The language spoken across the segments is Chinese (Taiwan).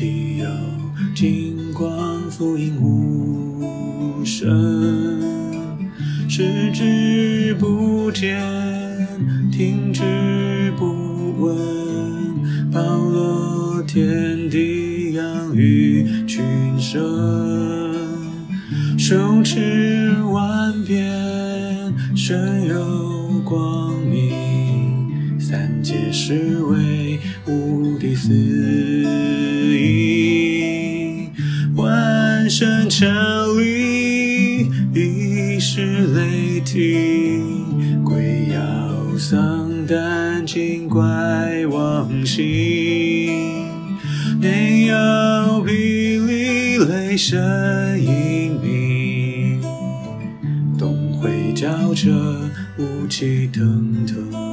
地有金光，覆映吾身，視之不見，聽之不聞，包羅天地，養育群生，受持。要比離雷聲隱鳴，洞會交徹霧氣騰騰。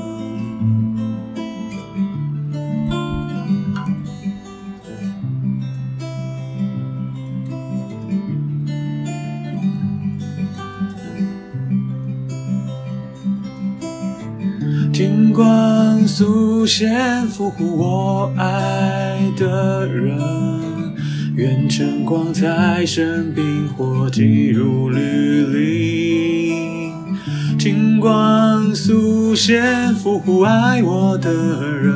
線守護我愛的人，願晨光在身邊，火急如律令。金光速現，守護愛我的人，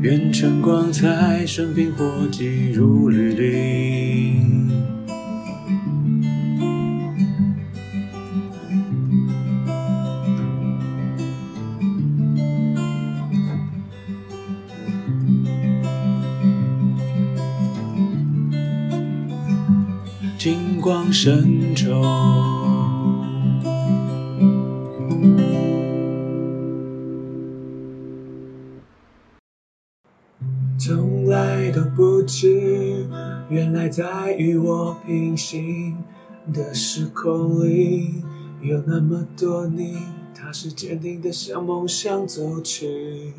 願晨光在身邊，火急如律令。深重，從來都不知，原來在與我平行的時空裡，有那麼多你，踏實堅定的向夢想走去。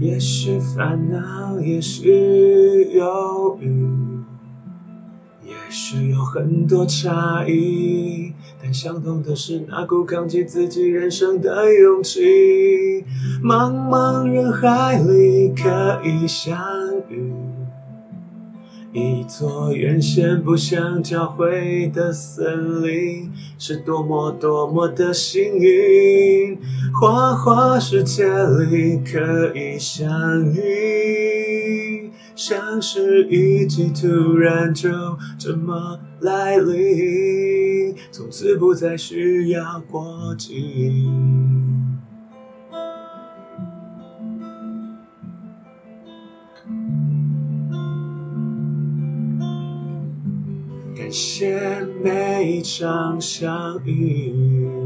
也許煩惱，也許憂鬱。也許有很多差異，但相同的是那股扛起自己人生的勇氣。茫茫人海裡可以相遇，一座原先不想交匯的森林，是多麼多麼的幸運。花花世界裡可以相遇。像是一季突然就這麼來臨，從此不再需要過去。感謝每一場相遇。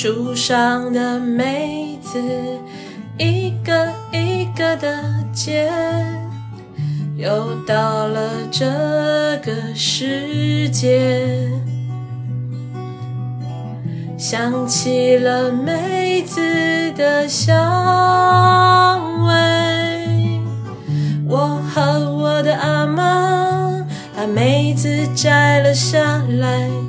樹上的梅子，一個一個的結，又到了這個時節，想起了梅子的香味。我和我的阿媽把梅子摘了下來。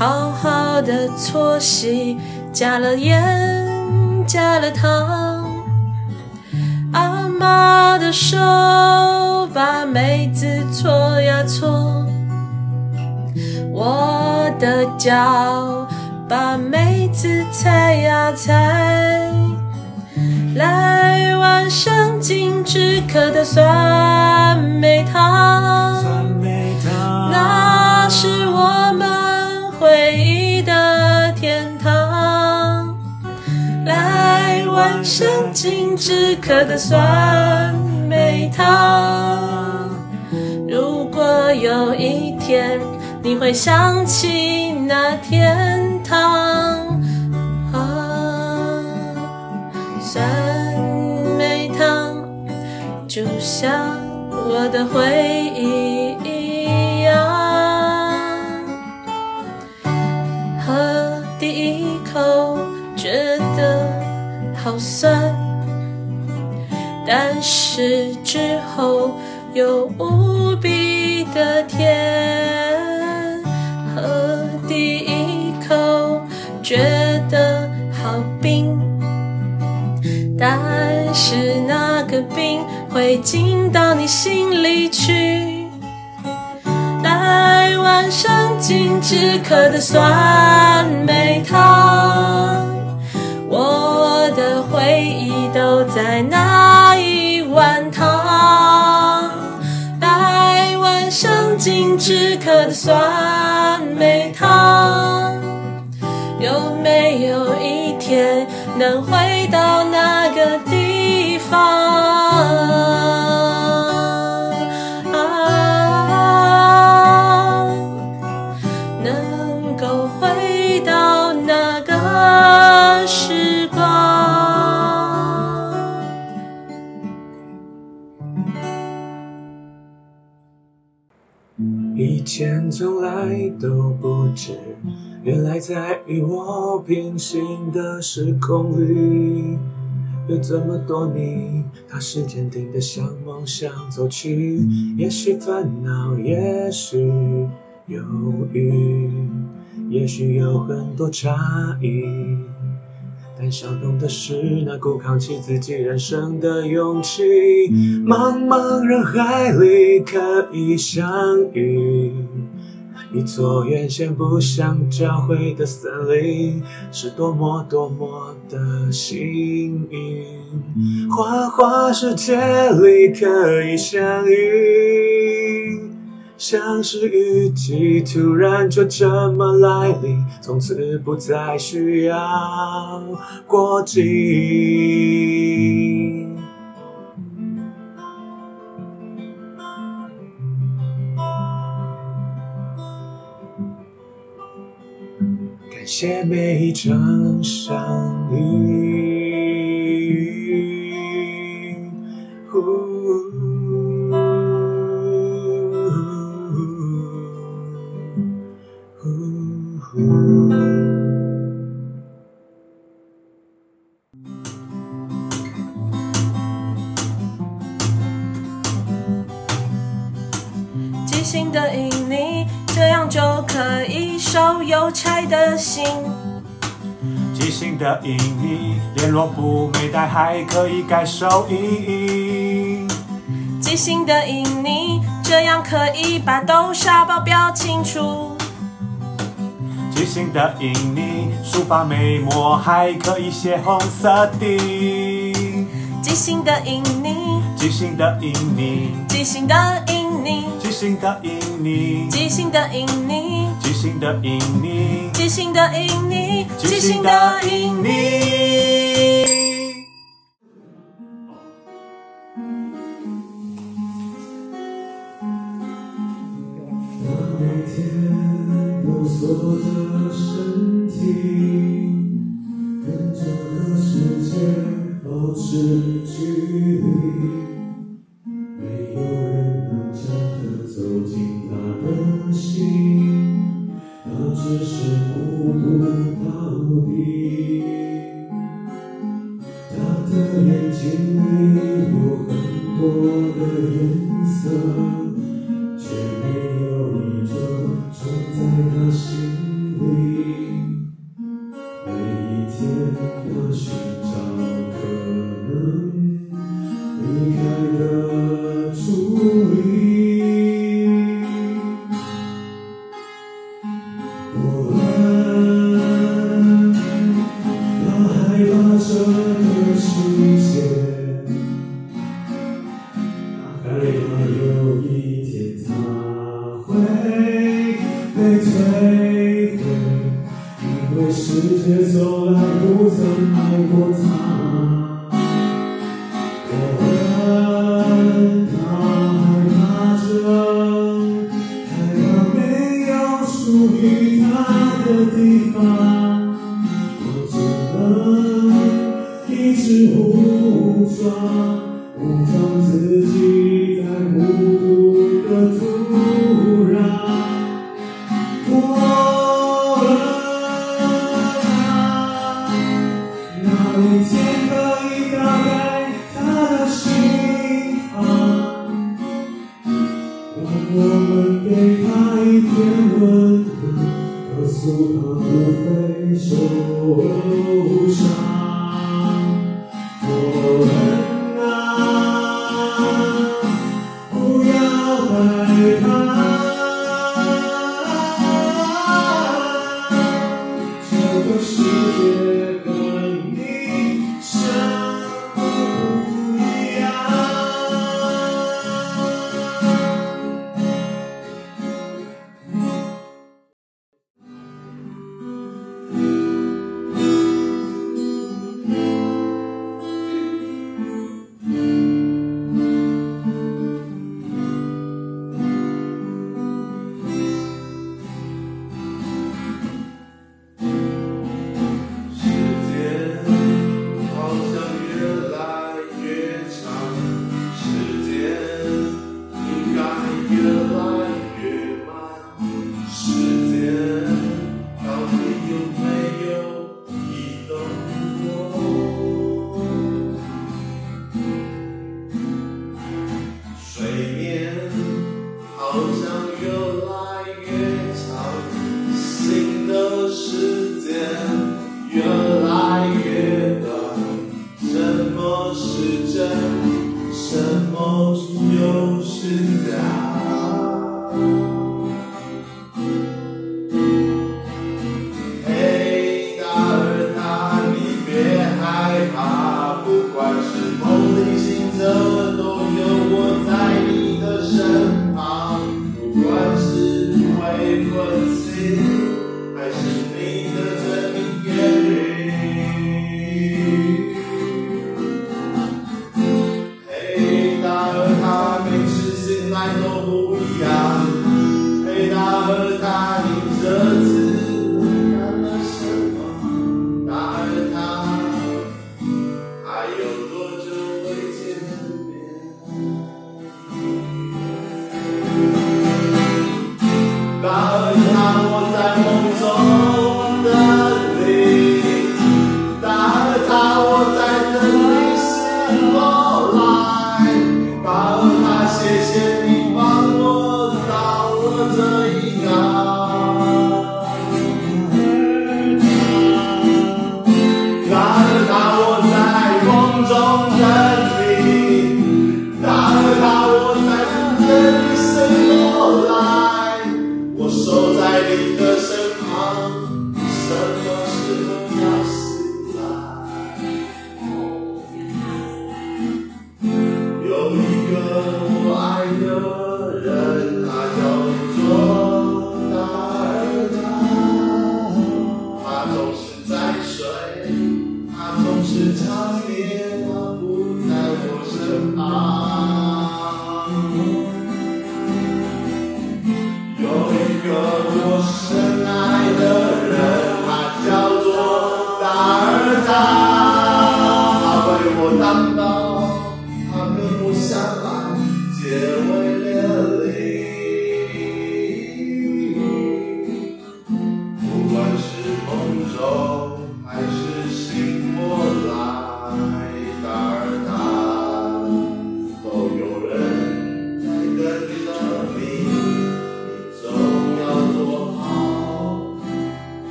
好好的搓洗，加了鹽，加了糖。阿媽的手把梅子搓呀搓，我的腳把梅子踩呀踩。來碗生津止渴的酸梅湯。止渴的酸梅湯。如果有一天你會想起那天堂，啊，酸梅湯就像我的回憶一樣。喝第一口覺得好酸。但是之後有無比的甜，喝第一口覺得好冰，但是那個冰會進到你心裡去。來碗生津止渴的酸梅湯，我的回憶都在那。止渴的酸梅湯，有沒有一天能回到？從來都不知，原來在與我平行的時空裡，有這麼多你。他是堅定的向夢想走去，也許煩惱，也許猶豫，也許有很多差異，但相同的是那股扛起自己人生的勇氣。茫茫人海裡可以相遇。一座原先不想交匯的森林，是多麼多麼的幸運，花花世界裡可以相遇，像是雨季突然就這麼來臨，從此不再需要過境。寫每一場相遇。即興的印泥，聯絡簿沒帶還可以改手印。即興的印泥，這樣可以把豆沙包標清楚。即興的印泥，書法沒墨還可以寫紅色的。即興的印泥，即興的印泥，即興的印。即興印泥，即興印泥，即興印泥，即興印泥，即興印泥。屬於他的地方，我只能一直武裝，武裝自己。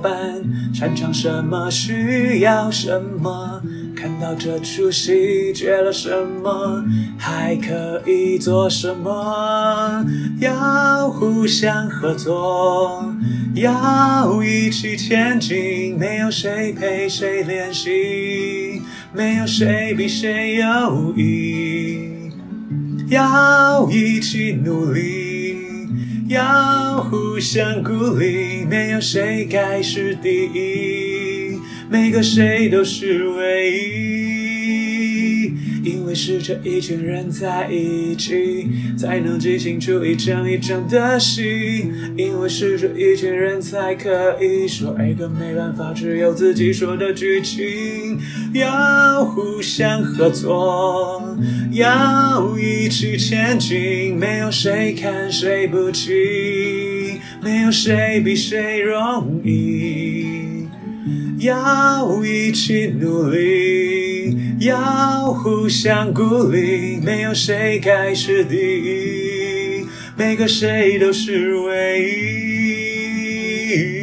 伴擅長什麼，需要什麼？看到這出戲，缺了什麼，還可以做什麼？要互相合作，要一起前進。沒有誰陪誰練習，沒有誰比誰優異。要一起努力，要互相鼓勵。沒有誰該是第一，每個誰都是唯一。因為是這一群人在一起，才能即興出一場一場的戲。因為是這一群人才可以說，一個沒辦法，只有自己說的劇情，要互相合作，要一起前進，沒有誰看誰不起。沒有誰比誰容易，要一起努力，要互相鼓勵。沒有誰該是第一，每個誰都是唯一。